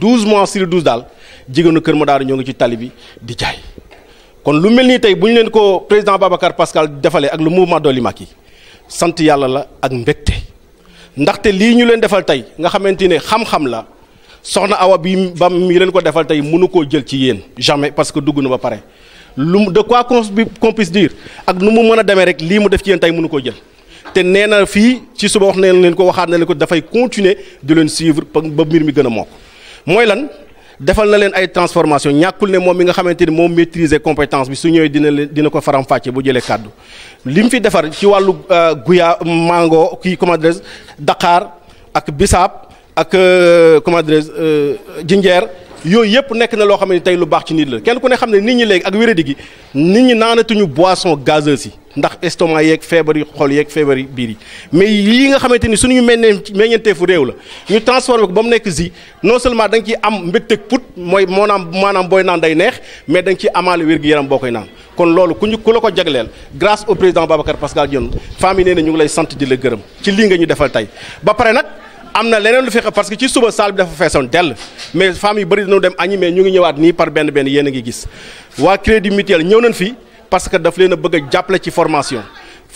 douze mois sur douze dal, jigéenu Kër Madar ñu ngi ci tali bi di jaay kon lu melni tay tey leen ko président Babacar Pascal défalé ak le mouvement Dolimaki maki, sant yàlla la ak mbégte ndaxte li ñu leen defal tay nga xamante xam-xam la soxna Awa bi bam mi leen ko defal tay mënu ko jël ci yeen jamais parce que dugg ba paré lu de quoi qu'on puisse dire ak nu mu mëna démé rek li mu def ci yeen tay mënu ko jël té néna na fii ci suba wax na leen ko waxaat na leen ko fay continuer de leen suivre ba mbir mi gëna a moi lan defal na ay transformation ñakul ne mom nga xamanteni mom maîtriser compétence bi su dina dina ko faram bu euh, mango Dakar ak Ginger, ak euh, yooyu yëpp nekk na loo xam ne tey lu baax ci nit la kenn ku ne xam ne nit ñi léegi ak wéradi gi nit ñi naanatuñu boisson gazeuse yi ndax estomac yeeg feebar yi xol yeeg feebar yi biir yi mais lii nga xamante ni suñu meññee meññeenteefu réew la ñu transformé ko ba mu nekk si non danga da nga ciy am mbégteeg put mooy moonaam maanaam booy naan day neex mais da ci amaal amaale wér-gu-yaram boo koy naan kon loolu ku ñu ku la ko jagleel grâce au président Babacar Pascal Dione famille nee na ñu ngi lay sant di la gërëm ci lii nga ñu defal tey ba pare nag am na leneen lu fexe parce que ci suba salle bi dafa feesoon dell mais femmes yu bëri dañu dem añi mais ñu ngi ñëwaat nii par benn benn yéen a ngi gis waa crédit mutuel ñëw nañ fi parce que daf leen a bëgg jàppale ci formation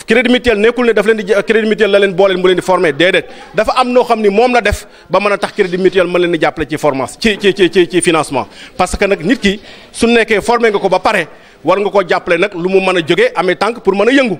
crédit mutuel nekkul ne daf leen di crédit mutuel la leen booleen mu leen di formé déedéet dafa am noo xam ni moom la def ba mën a tax crédit mutuel mën leen di jàppale ci formation ci ci ci ci financement parce que nag nit ki su nekkee nga ko ba pare war nga koo jàppale nag lu mu mën a jógee amee tànk pour mën a yëngu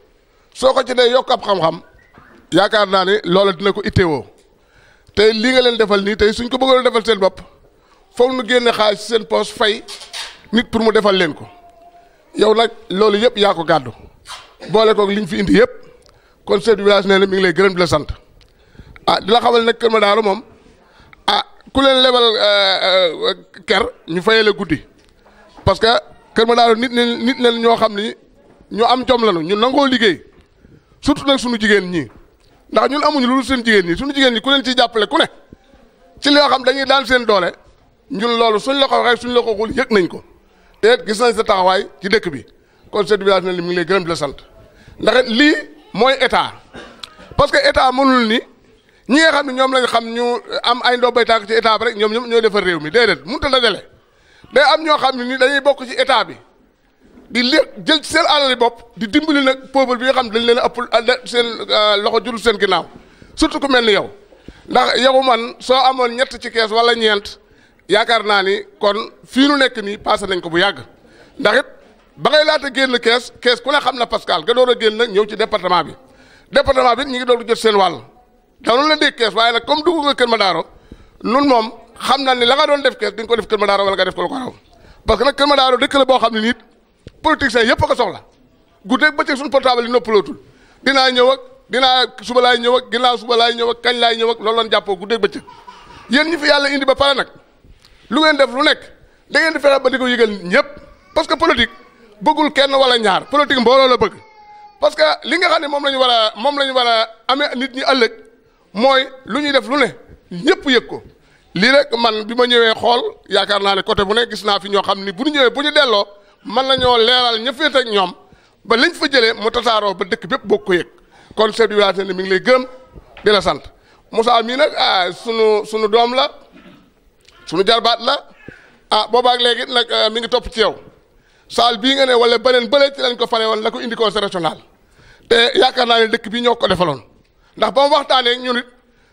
soo ko ci dee yokk ab xam-xam yaakaar naa ne loola dina ko itteewoo te lii nga leen defal nii tey suñ ko bëggoon defal seen bopp foog nu génne xaalis seen poos fay nit pour mu defal leen ko yow nag loolu yëpp yaa ko gàddu boole koog liñ fi indi yëpp kon chef du village nee mi ngi lay gërëm di la sant ah di la xamal nag Kër Madaara moom ah ku leen lebal eh, eh, ker ñu fayee la guddi parce que Kër Madaara nit nit leen ñoo xam ni ñu am jom lañu ñu nangoo liggéey. surtout nag suñu jigéen ñii ndax ñun amuñu loolu seen jigéen ñi suñu jigéen ñi ku leen ci jàppale ku ne ci li nga xam dañuy daan seen doole ñun loolu suñ la ko waxee suñ la xul yëg nañ ko te gis nañ sa taxawaay ci dëkk bi kon chef du village ne li mu ngi lay gërëm di la sant ndax lii mooy état parce que état mënul nii ñi nga xam ne ñoom lañ xam ñu am ay ndoo baytaak ci état bi rek ñoom ñoom ñooy defar réew mi déedéet mënut a dajale day am ñoo xam ne ni dañuy bokk ci état bi di lé jël ci seen alal bopp di dimbali nag peuple bi nga xam dañ leen a ëpp seen euh, loxo juru seen ginnaaw surtout ku mel ni yow ndax yow man soo amoon ñett ci kees wala ñeent yaakaar naa ni kon fii nu nekk nii passé nañ ko bu yàgg ndax it ba ngay laata génn kees kees ku ne xam na Pascal nga door a génn ñëw ci département bi département bi ñu ngi doon jot seen wàll danoonu la dégg kees waaye nag comme dugg nga Kër Madaro nun moom xam naa ni la doon def ko def Kër Madaro xam ne nit politiciens yëpp a ko soxla guddeeg bëccëg suñu portable yi noppalootul dinaa ñëw ak dinaa suba laay ñëw ak ginnaaw suba ñëw ak kañ laay ñëw ak loolu lañ jàppoo guddeeg bëccëg yéen ñi fi yàlla indi ba pare nag lu ngeen def lu nekk da ngeen di fexe ba di ko yëgal ñëpp parce que politique bëggul kenn wala ñaar politique mbooloo la bëgg parce que li nga xam ne moom la ñu war a moom la ñu war a amee nit ñi ëllëg mooy lu ñuy def lu ne ñëpp yëg ko lii rek man bi ma ñëwee xool yaakaar naa ne côté bu ne gis naa fi ñoo xam ni bu ñëwee bu ñu delloo man nañoo leeral ña féete ak ñoom ba liñ fa jëlee mu tasaaroo ba dëkk bépp boo ko yëg kon chef du village ne mi ngi lay gërëm dina sant musaa mii nag ah sunu sunu doom la sunu jarbaat la ah boobaak léegi nag ah, mi ngi topp ci yow saal bii nga ne wala beneen bële lañ ko fare woon la ko indi conseil régional te yaakaar naa ne dëkk bi ñoo ko defaloon ndax ba waxtaanee ñu nit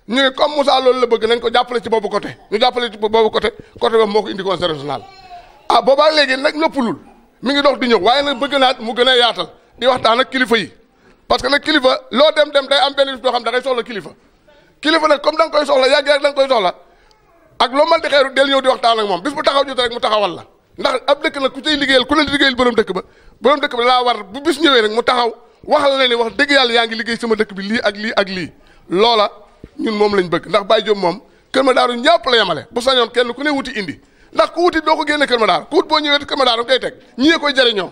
ñu ne comme Moussa loolu la bëgg nañ ko jàppale ci boobu côté ñu jàppale ci boobu côté côté boobu moo ko indi conseil régional ah boobaak léegi nag noppalul mi ngi dox di ñëw waaye nag bëgg naat mu gën a yaatal di waxtaan ak kilifa yi parce que nag kilifa loo dem dem day am benn bés xam da ngay soxla kilifa kilifa nag comme da nga koy soxla yàgg rek da nga koy soxla ak loo mën di xeeru del ñëw di waxtaan ak moom bis bu taxaw jot rek mu taxawal la ndax ab dëkk nag ku cay liggéeyal ku ne liggéeyal borom dëkk ba borom dëkk ba laa war bu bis ñëwee rek mu taxaw waxal na ni wax dëgg yàlla yaa ngi liggéey sama dëkk bi lii ak lii ak lii loola ñun moom lañ bëgg ndax Baye Diop moom kër ma daaru ñàpp la yemale bu sañoon kenn ku ne wuti indi ndax ku wuti doo ko génne Kër Madaar ku wut boo ñëwee Kër Madaar da koy teg ñii koy jëriñoo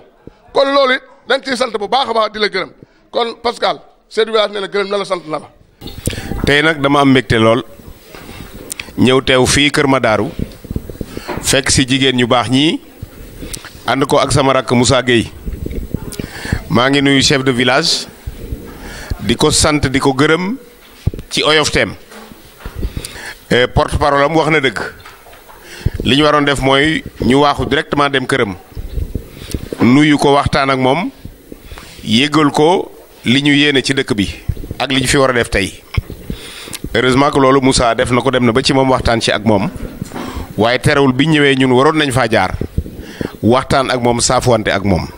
kon loolu it dañ ciy sant bu baax a baax di la gërëm kon Pascal Seydou Village ne la gërëm na la sant na la. tey nag dama am mbégte lool ñëw teew fii Kër Madaaru fekk si jigéen ñu baax ñii ànd ko ak sama rakk Moussa Gueye maa ngi nuyu chef de village di ko sant di ko gërëm ci oyofteem eh, porte parole am wax na dëgg. li ñu waroon def mooy ñu waaxu directement dem këram nuyu ko waxtaan ak moom yëgal ko li ñu yéene ci dëkk bi ak li ñu fi war a def tey heureusement que loolu Moussa def na ko dem na ba ci moom waxtaan ci ak moom waaye terewul bi ñëwee ñun waroon nañu faa jaar waxtaan ak moom saafuwante ak moom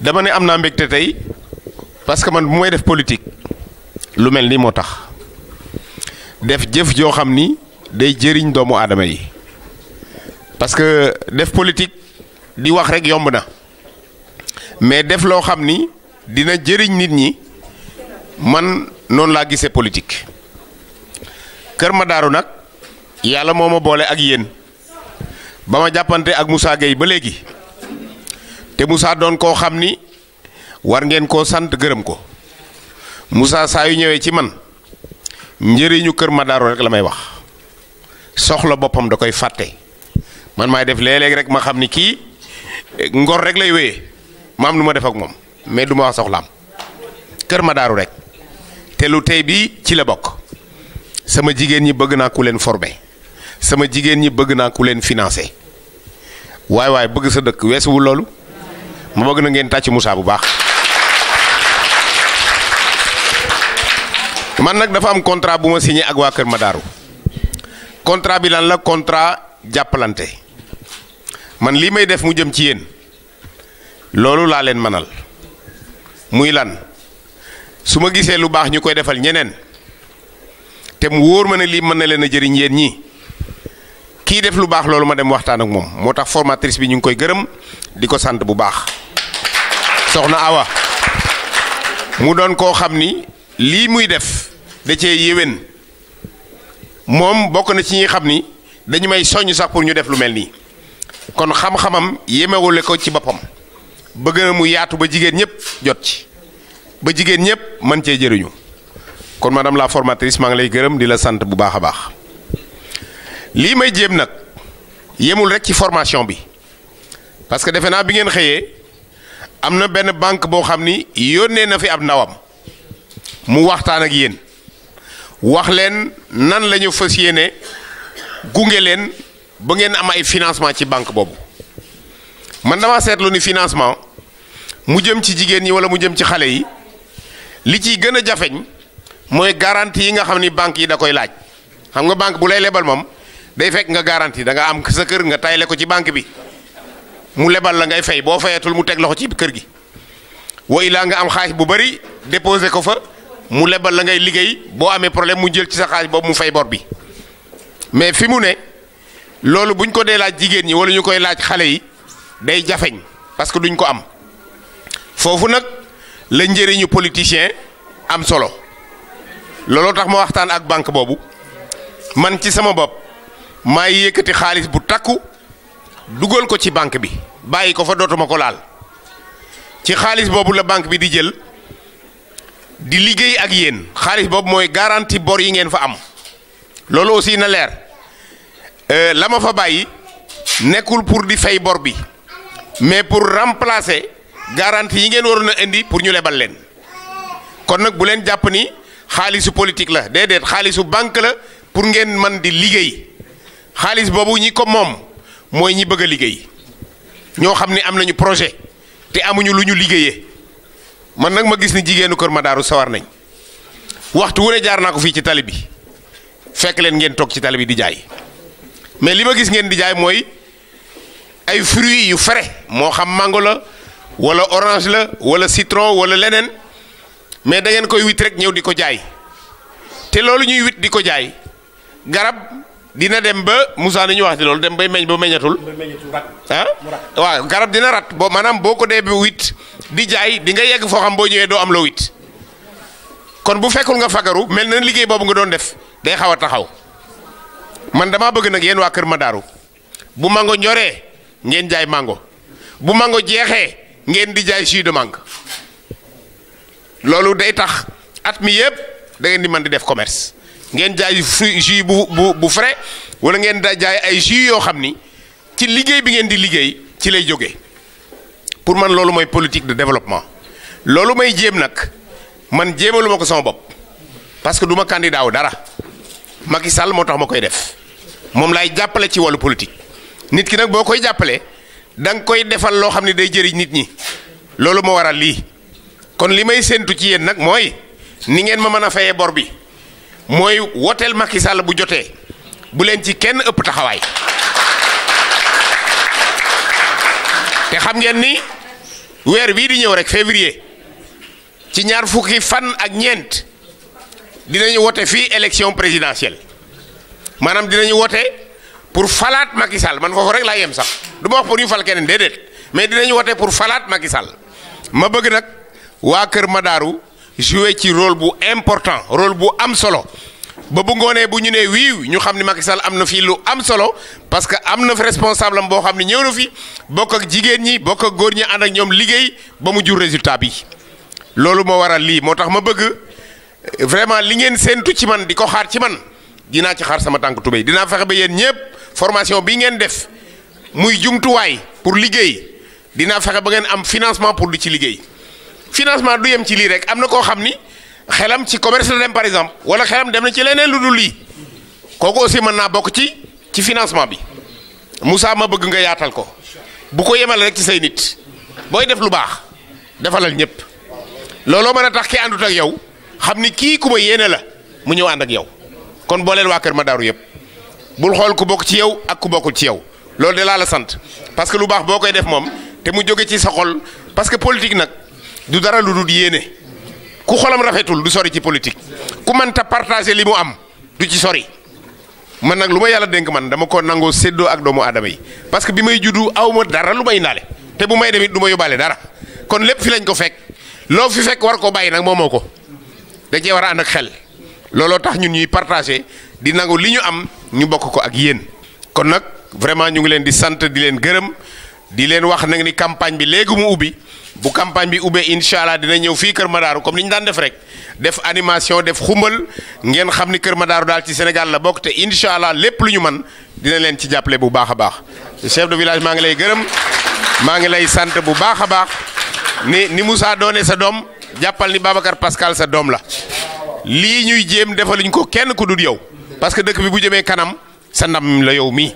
dama ne am naa mbégte tey parce que man bu may def politique lu mel ni moo tax def jëf joo xam ni day jëriñ doomu aadama yi parce que def politique di wax rek yomb na mais def loo xam ni dina jëriñ nit ñi man noonu laa gisee politique Kër Madaaru nag yàlla moo ma boole ak yéen ba ma jàppante ak Moussa Gueye ba léegi te Moussa doon koo xam ni war ngeen koo sant gërëm ko Moussa saa yu ñëwee ci man njëriñu Kër Madaaru rek la may wax soxla boppam da koy fàtte. man may def léeg rek ma xamni ki ngor rek lay wéyee ma am lu def ak mom mais duma wax ma daru rek te lu tay bi ci la bok sama jigen ñi bëgg na ku leen former sama jigen ñi bëgg na ku leen financer way way bëgg sa dëkk wu lolu ma bëgg na ngeen tacc Moussa bu baax man nak dafa am contrat bu signé ak wa keur ma contrat bi lan la contrat jappalante man limay def mu jëm ci yeen loolu la len manal muy lan suma gisee lu bax ñukoy defal ñeneen te mu woor mané li man na leena jëriñ yeen ñi ki def lu bax loolu ma dem waxtaan ak mom motax formatrice bi ñu koy di sant bu bax soxna Awa mu don ko xamni li muy def da cee yewen mom bokk na ci ñi xamni dañ may soñu sax pour ñu def lu melni kon xam-xamam yemewule ko ci boppam bëgg na mu yaatu ba jigéen ñëpp jot ci ba jigéen ñëpp mën cee jëriñu kon madame laa formatrice maa ngi lay gërëm di la sant bu baax a baax lii may jéem nag yemul rek ci formation bi parce que defe naa bi ngeen xëyee am na benn banque boo xam ni yónnee na fi ab ndawam mu waxtaan ak yéen wax leen nan lañu ñu fas yéene gunge leen. ba ngeen am ay financement ci banque boobu man dama seetlu ni financement mu jëm ci jigéen ñi wala mu jëm ci xale yi li ciy gën a jafeñ mooy garanti yi nga xam ni banque yi da koy laaj xam nga banque bu lay lebal moom day fekk nga garantie da nga am sa kër nga tayle ko ci banque bi mu lebal la ngay fay boo fayatul mu teg loxo ci kër gi wa ilaa nga am xaalis bu bari déposé ko fa mu lebal la ngay liggéey boo amee problème mu jël ci sa xaalis boobu mu fay bor bi mais ne. loolu buñ ko dee laaj jigéen ñi wala ñu koy laaj xale yi day jafeñ parce que duñ ko am foofu nag la njëriñu politicien am solo looloo tax ma waxtaan ak banque boobu man ci sama bopp maa yëkkati xaalis bu takku dugal ko ci banque bi bàyyi ko fa dootuma ko laal ci xaalis boobu la banque bi di jël di liggéey ak yéen xaalis boobu mooy garantie bor yi ngeen fa am loolu aussi na leer. euh, lama fa bayyi nekul pour di fay bor bi mais pour remplacer garantie yi ngeen waroon indi pour ñu lebal len kon nak bu len japp ni khalisu politique la dedet khalisu banque la pour ngeen man di liggéey khalis bobu ñi ko mom moy ñi bëgg a ño xamni am nañu projet té amuñu luñu ñu man nak ma gis ni jigéenu Kër Madaaru sawar nañ waxtu wone ne jaar naa ko fii ci talibi fekk len ngeen tok ci talibi di jaay. mais li ma gis ngeen di jaay mooy ay fruits yu frais moo xam màngo la wala orange la wala sitron wala leneen mais da ngeen koy wit rek ñëw di ko jaay te loolu ñuy wit di ko jaay garab dina dem ba Moussa ni ñu wax di loolu dem bay meñ ba meññatul ah waaw garab dina rat boo maanaam boo ko dee bi wit di jaay di nga yegg foo xam boo ñëwee doo am la wit kon bu fekkul nga fagaru mel na liggéey boobu nga doon def day xaw a taxaw man damaa bëgg nag yéen waa Kër Madaaru bu mango ñoree ngeen jaay mango bu mango jeexee ngeen di jaay jus de mangue loolu day tax at mi yëpp da di man di def commerce ngeen jaay jus bu bu bu frais wala ngeen da jaay ay jus yoo xam ni ci liggéey bi ngeen di liggéey ci lay jóge pour man loolu mooy politique de développement loolu may jéem nag man jéemaluma ko sama bopp parce que du ma candidat wu dara Macky Sall moo tax ma koy def. mom lay jappalé ci walu politique nit ki nak bokoy jappalé dang koy defal lo xamni day jëri nit ñi lolu mo waral li kon limay sentu ci yeen nak moy ni ngeen ma mëna a bor bi moy woteel Macky Sall bu joté bu len ci kenn ëpp taxaway té xam ngeen ni weer bii di ñëw rek février ci ñaar fukki fan ak ñent dinañu woté fi élection présidentielle. maanaam dinañu wote pour falaat Macky Sall man foofu rek laa yem sax du ma wax pour ñu fal keneen déedéet mais dinañu wote pour falaat Macky Sall ma bëgg nag waa Kër ma daaru joué ci rôle bu important rôle bu am solo ba bu ngoonee bu ñu nee wiiw ñu xam ni Macky Sall am na fii lu am solo parce que am na fi responsable boo xam ne ñëw na fi bokk ak jigéen ñi bokk ak góor ñi ànd ak ñoom liggéey ba mu jur résultat bi loolu moo waral lii moo tax ma bëgg vraiment li ngeen séentu ci man di ko xaar ci man. dina ci xar sama tank tubey dina fexé ba yeen ñepp formation bi ngeen def muy way pour liggéey dina fexé ba ngeen am financement pour di ci liggéey financement du yem ci li rek am ko xamni xelam ci commerce la dem par exemple wala xelam dem na ci leneen lu dul li koko aussi man na bok ci ci financement bi Moussa ma bëgg nga yaatal ko bu ko yemal rek ci say nit boy def lu baax defalal ñepp lolo mën tax ki andut ak yow xamni ki kuma yene la mu ñew and ak yow kon booleel waa Kër Madaaru yeb bul xol ku bok ci yow ak ku bokul ci yow lolou de la la sante parce que lu bax bokay def mom te mu joge ci sa xol parce que politique nak du dara lu dud yene ku xolam rafetul du sori ci politique ku ta partager limu am du ci sori man nak luma yalla denk man dama ko paske seddo ak doomu aadama yi parce que bimay may awma dara lu te bu may demit duma yobale dara kon lepp fi lañ ko fek lo fi fek war ko bàyyi nak momoko da ci war and ak xel. looloo tax ñun ñuy partagé di nangu li ñu am ñu bokk ko ak yéen kon nag vraiment ñu ngi leen di sant di leen gërëm di leen wax nag ni campagne bi léegi mu ubbi bu campagne bi ubbee incha allah dina ñëw fii Kër Madaaru comme ni ñu daan def rek def animation def xumbal ngeen xam ni Kër ma Madaaru daal ci Sénégal la bokk te incha allah lépp lu ñu man dina leen ci jàppale bu baax a baax chef de village maa ngi lay gërëm maa ngi lay sant bu baax a baax ni ni Moussa doone sa doom jàppal ni Babacar Pascal sa doom la lii ñuy jéem defaluñ ko kenn ku dul yow parce que dëkk bi bu jëmee kanam sa ndam la yow mii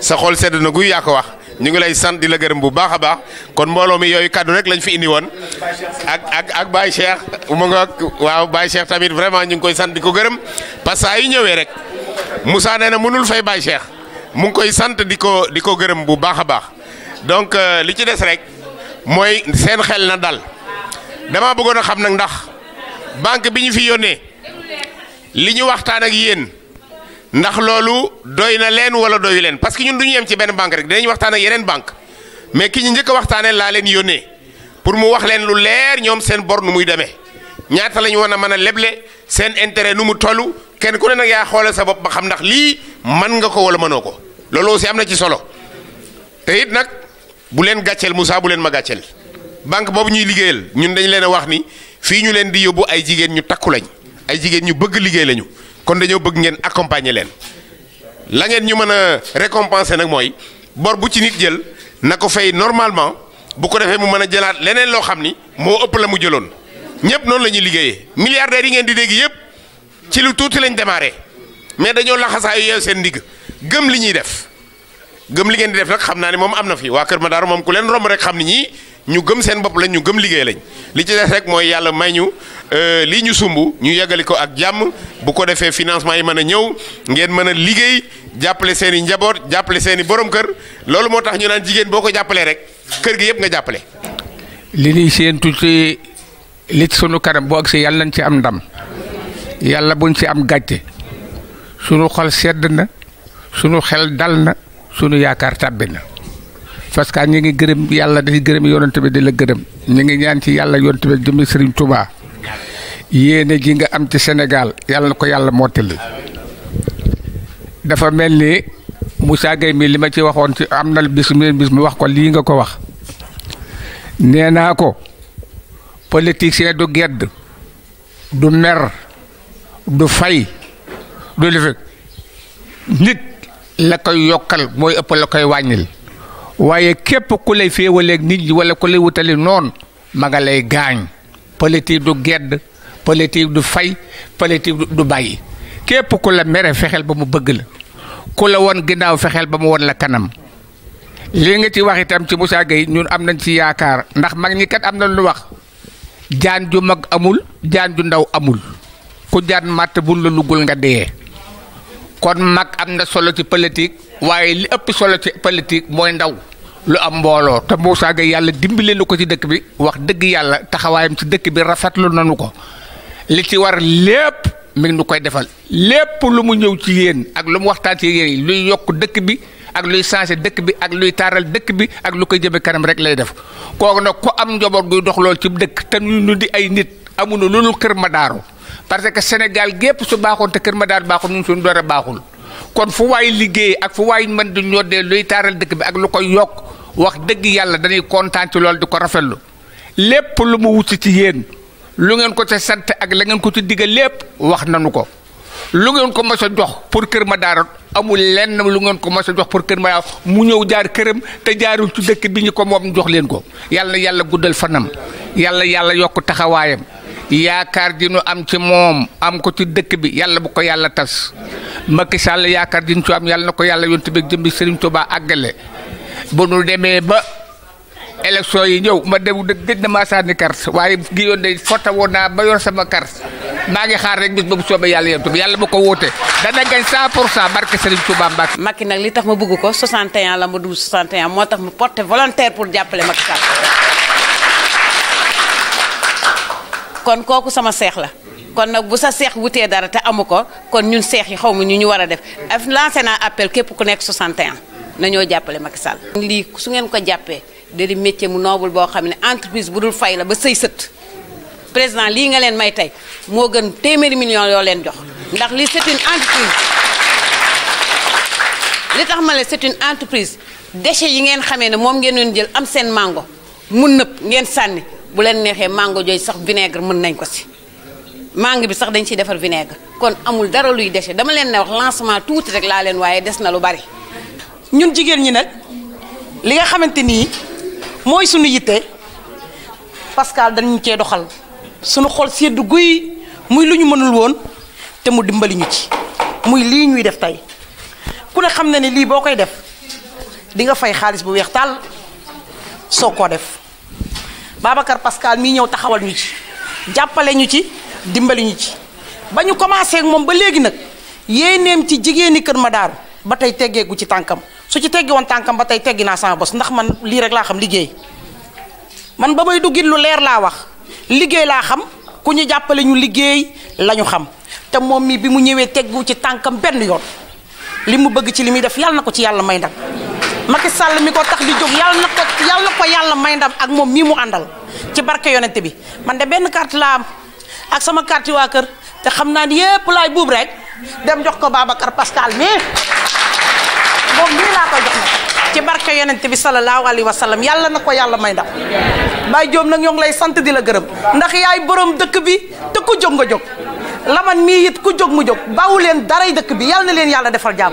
sa xool sedd na guy yaa ko wax ñu ngi lay sant di la gërëm bu baax a baax kon mbooloo mi yooyu kaddu rek lañ fi indi woon ak ak ak Baye Cheikh mu waaw Baye Cheikh tamit vraiment ñu ngi koy sant di ko gërëm parce que saa ñëwee rek Moussa nee na mënul fay Baye Cheikh mu ngi koy sant di ko di ko gërëm bu baax a baax donc euh, li ci des rek mooy seen xel na dal dama bëggoon xam nag ndax. banque biñu fi yone liñu waxtaan ak yeen ndax lolu doyna len wala doyu len parce que ñun duñu yem ci ben banque rek dañu waxtaan ak yeneen banque mais ki ñu ñëk waxtaané la len yone pour mu wax len lu leer ñom seen bor numu muy démé ñaata lañu wona mëna leblé leble seen intérêt nu mu tollu kenn ku ne nak ya xolé sa bop ba xam ndax li man nga ko wala mëno ko lolu aussi amna na ci solo té it nag bu len gatchel Moussa bu len ma gatchel banque bobu ñuy liggéeyal ñun dañ leen wax ni. fii ñu leen di yóbbu ay jigéen ñu takku lañ ay jigéen ñu bëgg liggéey lañu kon dañoo bëgg ngeen accompagner leen la ngeen ñu mën a récompenser nag mooy bor bu ci nit jël na ko fay normalement bu ko defee mu mën a jëlaat leneen loo xam ni moo ëpp la mu jëloon ñëpp noonu la ñuy liggéeyee milliardaires yi ngeen di dégg yëpp ci lu tuuti lañ démarré mais dañoo laxasaayu yeew seen ndigg gëm li ñuy def gëm li ngeen di def nag xam naa ne moom am na fi waa Kër Madar moom ku leen romb rek xam ni ñii. ñu gëm seen bopp lañ ñu gëm liggéey lañ li ci def rek mooy yàlla may ñu euh, li ñu sumb ñu yeggali ko ak jàmm bu ko defee financement yi mën a ñëw ngeen mën a liggéey jàppale seen i njaboot jàppale seen i borom kër loolu moo tax ñu naan jigéen boo ko jàppalee rek kër gi yëpp nga jàppale. li ni seen ci li ci sunu kanam boo agsee yàlla nañ ci am ndam yàlla buñ ci am sunu xol sedd na sunu xel dal na sunu yaakaar tàbbi na. parce que ñu ngi gërëm yàlla di gërëm yonent bi di la gërëm ñu ngi ñaan ci yàlla yonent bi jëmmi Serigne Touba yéene ji nga am ci Sénégal yàlla na ko yàlla mottali dafa mel ni Moussa Gueye mii li ma ci waxoon ci am na bis mi bis mi wax ko lii nga ko wax nee naa ko politicien du gedd du mer du fay du lifi nit la koy yokkal mooy ëpp la koy wàññil waaye képp ku lay féewaleeg nit ñi wala ku lay wutali noonu ma nga lay gaañ politique du gedd politique du fay politique du bay képp ku la mere fexeel ba mu bëgg la ku la woon ginnaaw fexeel ba mu won la kanam lii nga ci wax itam ci Moussa Gueye ñun am nañ ci yaakaar ndax mag ñi kat am na lu wax jaan ju mag amul jaan ju ndaw amul ku jaan màtt bul la lugul nga dee kon mag am na solo ci politique waaye li ëpp solo ci politique mooy ndaw lu am mbooloo te Moussa yàlla dimbale nu ko ci dëkk bi wax dëgg yàlla taxawaayam ci dëkk bi rafetlu nanu ko li ci war lépp mi nu koy defal lépp lu mu ñëw ci yéen ak lu mu waxtaan ci yéen luy yokk dëkk bi ak luy changé dëkk bi ak luy taaral dëkk bi ak lu koy jëme kanam rek lay def kooku nag ku am njaboot guy dox lool ci dëkk te ñu di ay nit. amul amuñu loolu Kër ma Madaaru parce que Sénégal gépp su baaxoon te Kër Madaar baaxul ñun suñu door a baaxul kon fu waay liggéey ak fu waay mën di ñoddee luy taaral dëkk bi ak lu ko yokk wax dëgg yàlla dañuy kontaan ci loolu di ko rafetlu lépp lu mu wut ci yéen lu ngeen ko ca sant ak la ngeen ko ci diggal lépp wax nanu ko lu ngeen ko mos a jox pour Kër ma Madaar amul lenn lu ngeen ko mos a jox pour Kër Madaar mu ñëw jaar këram te jaarul ci dëkk bi ñu ko moom jox leen ko yàlla yàlla guddal fanam yàlla yàlla yokk taxawaayam. yaakaar ji nu am ci moom am ko ci dëkk bi yàlla bu ko yàlla tas makki Sall yaakaar ji ñu ci am yàlla na ko yàlla yontu bi jëm bi Serigne Touba àggale bu nu demee ba élection yi ñëw ma dem dëgg gëj na maa sànni carte waaye gi yoon day fotta woon naa ba yor sama carte maa ngi xaar rek bis ba bu soobee yàlla yontu bi yàlla bu ko wóote dana gañ 100 pour cent barke Serigne Touba Mbacke. Macky nag li tax ma bëgg ko an la ma dugg 61 moo tax ma porté volontaire pour jàppale Macky Sall. kon kooku sama seex la kon nag bu sa seex wutee dara te amu ko kon ñun seex yi xaw ma ñu ñu war a def lancé naa appel képp ku nekk 61 nañoo jàppale Macky Sall. lii su ngeen ko jàppee dari métier mu noble boo xam ne entreprise bu dul fay la ba sëy sët président lii nga leen may tey moo gën téeméeri million yoo leen jox ndax lii c'est une entreprise li tax ma ne c'est une entreprise déchets yi ngeen xamee ne moom ngeen doon jël am seen mango mu nëb ngeen sànni. bu len nexé mango joy sax vinaigre mën nañ ko ci mangue bi sax dañ ci défar vinaigre kon amul dara luy déché dama len né wax lancement tout rek la len wayé dess na lu bari ñun jigéen ñi nak li nga xamanteni moy suñu yité Pascal ñu ci doxal suñu xol séddu guuy muy lu mënul won té mu dimbali ñu ci muy li ñuy def tay ku ne xamna na li bokay def di nga fay xaaliss bu wéx tal def Babakar Pascal mi ñew taxawal ñu ci jàppale ñu ci dimbali ñu ci bañu commencé ak mom ba légui nak yéeneem ci jigéeni kër ma daaru ba tey teggeegu ci tankam su ci téggé won tankam batay téggina sama bos ndax man li rek la xam liggéey man ba may duggit lu leer la wax liggéey la xam ku ñu jàppale ñu liggéey lañu xam té mom mi bi mu ñëwé téggu ci tankam benn yoon limu bëgg ci limi def yalla nako ci yalla may Macky Sall mi ko tax di jog yalla na yalla yàlla ko yàlla may ndam ak mom mi mu andal ci barke yonent bi man de ben carte la ak sama carte wa keur te xamna ni lay rek dem jox ko Babacar Pascal mi mom mi la ko jox ci barke yonent bi sallallahu alaihi wasallam yalla yàlla ko may ndam bay jom nak ñong lay sante di la gërem ndax yaay borom dekk bi te ku jog nga jog laman miit yit ku jog mu jog bawulen daray dekk bi yalla na len yalla defal